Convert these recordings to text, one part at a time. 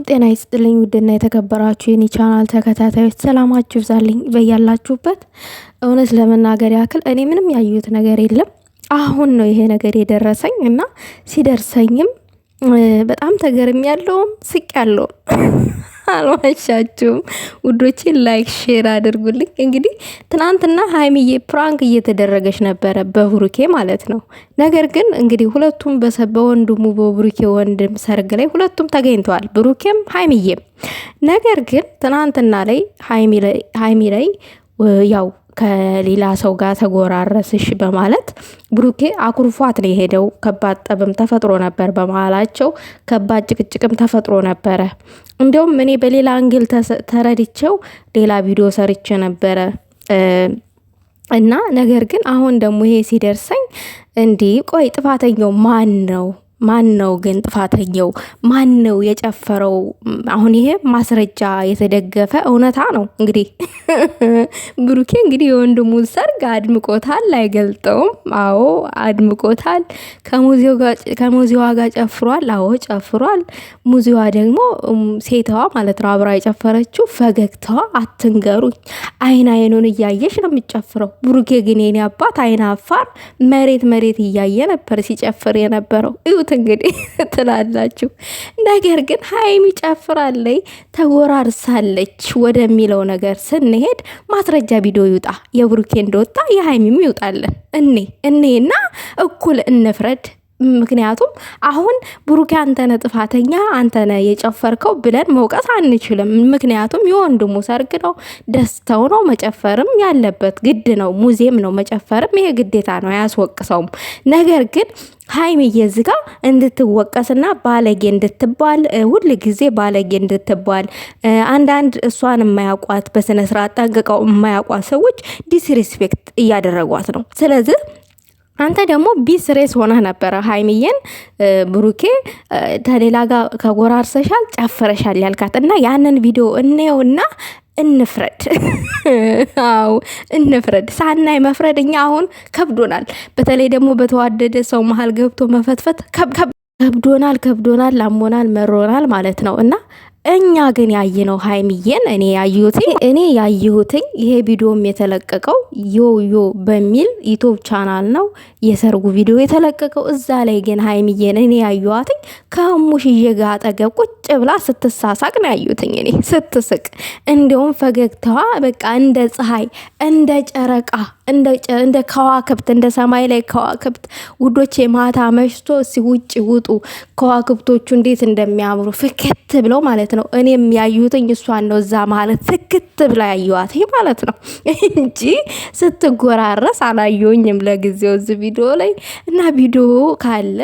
ሰላም ጤና ይስጥልኝ። ውድና የተከበራችሁ የኒ ቻናል ተከታታዮች ሰላማችሁ ይብዛልኝ በያላችሁበት። እውነት ለመናገር ያክል እኔ ምንም ያዩት ነገር የለም። አሁን ነው ይሄ ነገር የደረሰኝ እና ሲደርሰኝም በጣም ተገርም ያለውም ስቅ ያለውም አልዋሻችሁም ውዶችን፣ ላይክ ሼር አድርጉልኝ። እንግዲህ ትናንትና ሀይሚዬ ፕራንክ እየተደረገች ነበረ በብሩኬ ማለት ነው። ነገር ግን እንግዲህ ሁለቱም በወንድሙ በብሩኬ ወንድም ሰርግ ላይ ሁለቱም ተገኝተዋል፣ ብሩኬም ሀይሚዬም። ነገር ግን ትናንትና ላይ ሀይሚ ላይ ያው ከሌላ ሰው ጋር ተጎራረስሽ በማለት ብሩኬ አኩርፏት ነው የሄደው። ከባድ ጠብም ተፈጥሮ ነበር በመሃላቸው ከባድ ጭቅጭቅም ተፈጥሮ ነበረ። እንዲሁም እኔ በሌላ አንግል ተረድቼው ሌላ ቪዲዮ ሰርቼ ነበረ እና ነገር ግን አሁን ደግሞ ይሄ ሲደርሰኝ እንዲህ ቆይ ጥፋተኛው ማን ነው ማን ነው ግን ጥፋተኛው? ማን ነው የጨፈረው? አሁን ይሄ ማስረጃ የተደገፈ እውነታ ነው። እንግዲህ ብሩኬ እንግዲህ የወንድሙን ሰርግ አድምቆታል፣ አይገልጠውም። አዎ አድምቆታል። ከሙዚዋ ጋር ጨፍሯል። አዎ ጨፍሯል። ሙዚዋ ደግሞ ሴተዋ ማለት ነው፣ አብራ የጨፈረችው ፈገግታዋ አትንገሩኝ። አይን አይኑን እያየሽ ነው የምጨፍረው። ብሩኬ ግን የኔ አባት አይን አፋር፣ መሬት መሬት እያየ ነበር ሲጨፍር የነበረው እንግዲህ ትላላችሁ። ነገር ግን ሀይሚ ጨፍራለይ ተወራርሳለች ወደሚለው ነገር ስንሄድ ማስረጃ ቪዲዮ ይውጣ። የብሩኬ እንደወጣ የሀይሚም ይውጣለን። እኔ እኔና እኩል እንፍረድ። ምክንያቱም አሁን ብሩኬ አንተነ ጥፋተኛ አንተነ የጨፈርከው ብለን መውቀስ አንችልም። ምክንያቱም የወንድሙ ሰርግ ነው፣ ደስተው ነው፣ መጨፈርም ያለበት ግድ ነው። ሙዚየም ነው መጨፈርም ይሄ ግዴታ ነው፣ አያስወቅሰውም። ነገር ግን ሀይሚዬ እዚህ ጋ እንድትወቀስና ባለጌ እንድትባል ሁል ጊዜ ባለጌ እንድትባል አንዳንድ እሷን የማያውቋት በስነስርዓት ጠንቅቀው የማያውቋት ሰዎች ዲስሪስፔክት እያደረጓት ነው። ስለዚህ አንተ ደግሞ ቢስ ሬስ ሆነህ ነበረ ሀይሚዬን ብሩኬ ተሌላ ጋር ከጎራርሰሻል፣ ጨፍረሻል ያልካት እና ያንን ቪዲዮ እንየው እና እንፍረድ። አዎ እንፍረድ። ሳናይ መፍረድ እኛ አሁን ከብዶናል። በተለይ ደግሞ በተዋደደ ሰው መሀል ገብቶ መፈትፈት ከብዶናል፣ ከብዶናል፣ ላሞናል መሮናል ማለት ነው እና እኛ ግን ያየነው ሀይሚዬን እኔ ያየሁትኝ እኔ ያየሁትኝ ይሄ ቪዲዮም የተለቀቀው ዮዮ በሚል ዩቱብ ቻናል ነው የሰርጉ ቪዲዮ የተለቀቀው። እዛ ላይ ግን ሀይሚዬን እኔ ያየኋትኝ ከሙሽዬ ጋ አጠገብ ቁጭ ብላ ስትሳሳቅ ነው ያየሁትኝ። እኔ ስትስቅ እንዲሁም ፈገግታዋ በቃ እንደ ፀሐይ፣ እንደ ጨረቃ፣ እንደ ከዋክብት፣ እንደ ሰማይ ላይ ከዋክብት። ውዶቼ ማታ መሽቶ እስኪ ውጭ ውጡ ከዋክብቶቹ እንዴት እንደሚያምሩ ፍክት ብለው ማለት ማለት ነው። እኔም ያዩትኝ እሷን ነው። እዛ ማለት ትክት ብላ ያየዋት ማለት ነው እንጂ ስትጎራረስ አላየሁኝም ለጊዜው እዚህ ቪዲዮ ላይ እና ቪዲዮ ካለ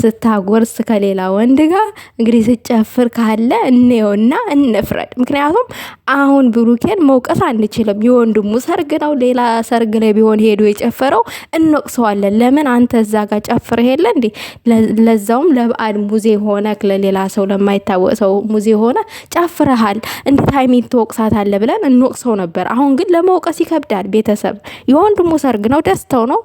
ስታጎርስ ከሌላ ወንድ ጋር እንግዲህ ስጨፍር ካለ እንየውና እንፍረድ። ምክንያቱም አሁን ብሩኬን መውቀስ አንችልም። የወንድሙ ሰርግ ነው። ሌላ ሰርግ ላይ ቢሆን ሄዶ የጨፈረው እንወቅሰዋለን። ለምን አንተ እዛ ጋር ጨፍር ሄለ እንዴ? ለዛውም ለበዓል ሙዜ ሆነክ ለሌላ ሰው ለማይታወቅ ሰው ሙዜ ሆነ ጨፍረሃል፣ እንዴት ሀይሚን ትወቅሳታለህ ብለን እንወቅሰው ነበር። አሁን ግን ለመውቀስ ይከብዳል። ቤተሰብ የወንድሙ ሰርግ ነው፣ ደስተው ነው፣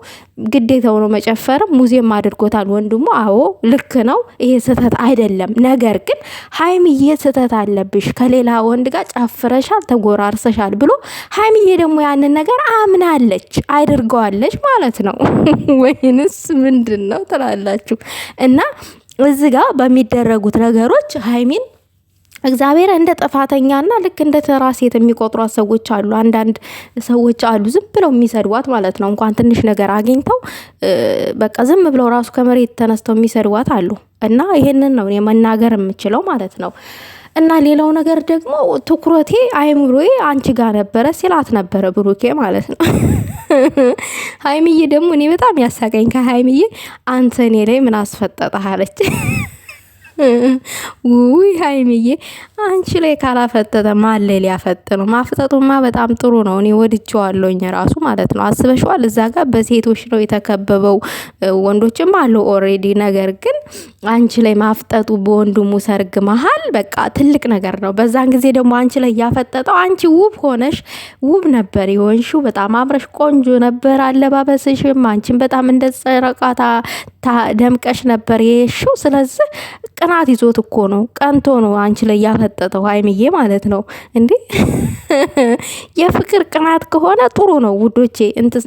ግዴታው ነው መጨፈርም። ሙዜም አድርጎታል ወንድሙ። አዎ ልክ ነው፣ ይሄ ስህተት አይደለም። ነገር ግን ሀይሚዬ ስህተት አለብሽ፣ ከሌላ ወንድ ጋር ጨፍረሻል፣ ተጎራርሰሻል ብሎ ሀይሚዬ ደግሞ ያንን ነገር አምናለች፣ አድርገዋለች ማለት ነው። ወይንስ ምንድን ነው ትላላችሁ? እና እዚ ጋር በሚደረጉት ነገሮች ሀይሚን እግዚአብሔር እንደ ጥፋተኛና ልክ እንደ ተራ ሴት የሚቆጥሯት ሰዎች አሉ። አንዳንድ ሰዎች አሉ ዝም ብለው የሚሰድዋት ማለት ነው። እንኳን ትንሽ ነገር አግኝተው በቃ ዝም ብለው ራሱ ከመሬት ተነስተው የሚሰድዋት አሉ። እና ይሄንን ነው መናገር የምችለው ማለት ነው። እና ሌላው ነገር ደግሞ ትኩረቴ አይምሮዬ አንቺ ጋር ነበረ ሲላት ነበረ ብሩኬ ማለት ነው። ሀይምዬ ደግሞ እኔ በጣም ያሳቀኝ ከሀይምዬ አንተ እኔ ላይ ምን አስፈጠጠህ አለች። ውይ ሀይሚዬ አንቺ ላይ ካላፈጠጠ ማለ ሊያፈጥ ነው። ማፍጠጡማ በጣም ጥሩ ነው። እኔ ወድቸዋለኝ ራሱ ማለት ነው። አስበሽዋል? እዛ ጋር በሴቶች ነው የተከበበው፣ ወንዶችም አለው ኦሬዲ። ነገር ግን አንቺ ላይ ማፍጠጡ በወንድሙ ሰርግ መሀል በቃ ትልቅ ነገር ነው። በዛን ጊዜ ደግሞ አንቺ ላይ ያፈጠጠው አንቺ ውብ ሆነሽ ውብ ነበር የሆንሽው። በጣም አምረሽ ቆንጆ ነበር አለባበስሽም። አንቺን በጣም እንደ ደምቀሽ ነበር የሽው። ስለዚህ ቅናት ይዞት እኮ ነው፣ ቀንቶ ነው አንቺ ላይ ያፈጠጠው ሀይምዬ ማለት ነው። እንዴ የፍቅር ቅናት ከሆነ ጥሩ ነው ውዶቼ፣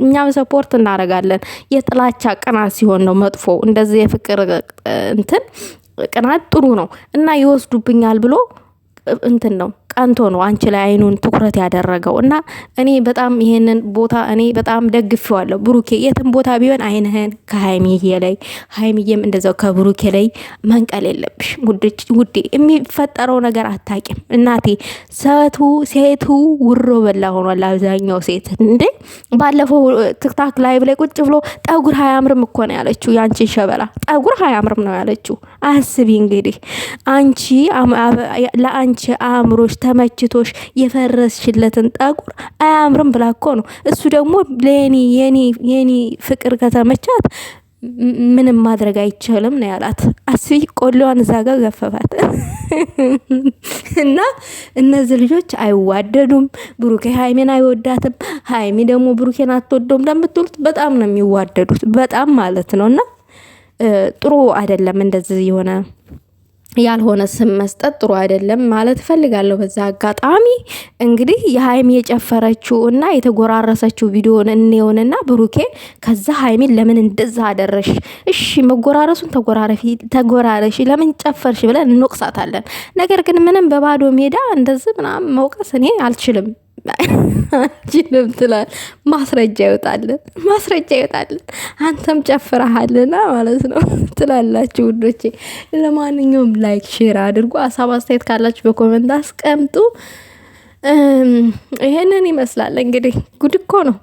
እኛም ሰፖርት እናደርጋለን። የጥላቻ ቅናት ሲሆን ነው መጥፎ። እንደዚህ የፍቅር እንትን ቅናት ጥሩ ነው እና ይወስዱብኛል ብሎ እንትን ነው ቀንቶ ነው አንቺ ላይ አይኑን ትኩረት ያደረገው እና እኔ በጣም ይሄንን ቦታ እኔ በጣም ደግፌዋለሁ። ብሩኬ የትም ቦታ ቢሆን አይንህን ከሀይሚዬ ላይ ሀይሚዬም እንደዛው ከብሩኬ ላይ መንቀል የለብሽ ውዴ። የሚፈጠረው ነገር አታቂም እናቴ። ሰቱ ሴቱ ውሮ በላ ሆኗል አብዛኛው ሴት እንዴ። ባለፈው ትክታክ ላይቭ ላይ ቁጭ ብሎ ጠጉር ሀያምርም እኮ ነው ያለችው የአንቺን ሸበላ ጠጉር ሀያምርም ነው ያለችው። አስቢ እንግዲህ አንቺ ለአንቺ አእምሮች ተመችቶሽ የፈረስሽለትን ጠጉር አያምርም ብላ እኮ ነው። እሱ ደግሞ ለኔ የኔ ፍቅር ከተመቻት ምንም ማድረግ አይቻልም ነው ያላት። አስቢ ቆሌዋን እዛ ጋር ገፈፋት እና እነዚህ ልጆች አይዋደዱም። ብሩኬ ሀይሜን አይወዳትም፣ ሀይሜ ደግሞ ብሩኬን አትወደውም ለምትሉት በጣም ነው የሚዋደዱት፣ በጣም ማለት ነው። እና ጥሩ አይደለም እንደዚህ የሆነ ያልሆነ ስም መስጠት ጥሩ አይደለም ማለት እፈልጋለሁ። በዛ አጋጣሚ እንግዲህ የሀይሚ የጨፈረችው እና የተጎራረሰችው ቪዲዮን እንየውንና ብሩኬ ከዛ ሀይሚን ለምን እንደዛ አደረሽ? እሺ መጎራረሱን ተጎራረፊ ተጎራረሽ ለምን ጨፈርሽ ብለን እንወቅሳታለን። ነገር ግን ምንም በባዶ ሜዳ እንደዚህ ምናምን መውቀስ እኔ አልችልም። አችንም ትላል። ማስረጃ ይወጣልን፣ ማስረጃ ይወጣልን። አንተም ጨፍረሃልና ማለት ነው ትላላችሁ ውዶቼ። ለማንኛውም ላይክ፣ ሼር አድርጉ። አሳብ አስተያየት ካላችሁ በኮመንት አስቀምጡ። ይሄንን ይመስላል እንግዲህ ጉድ እኮ ነው።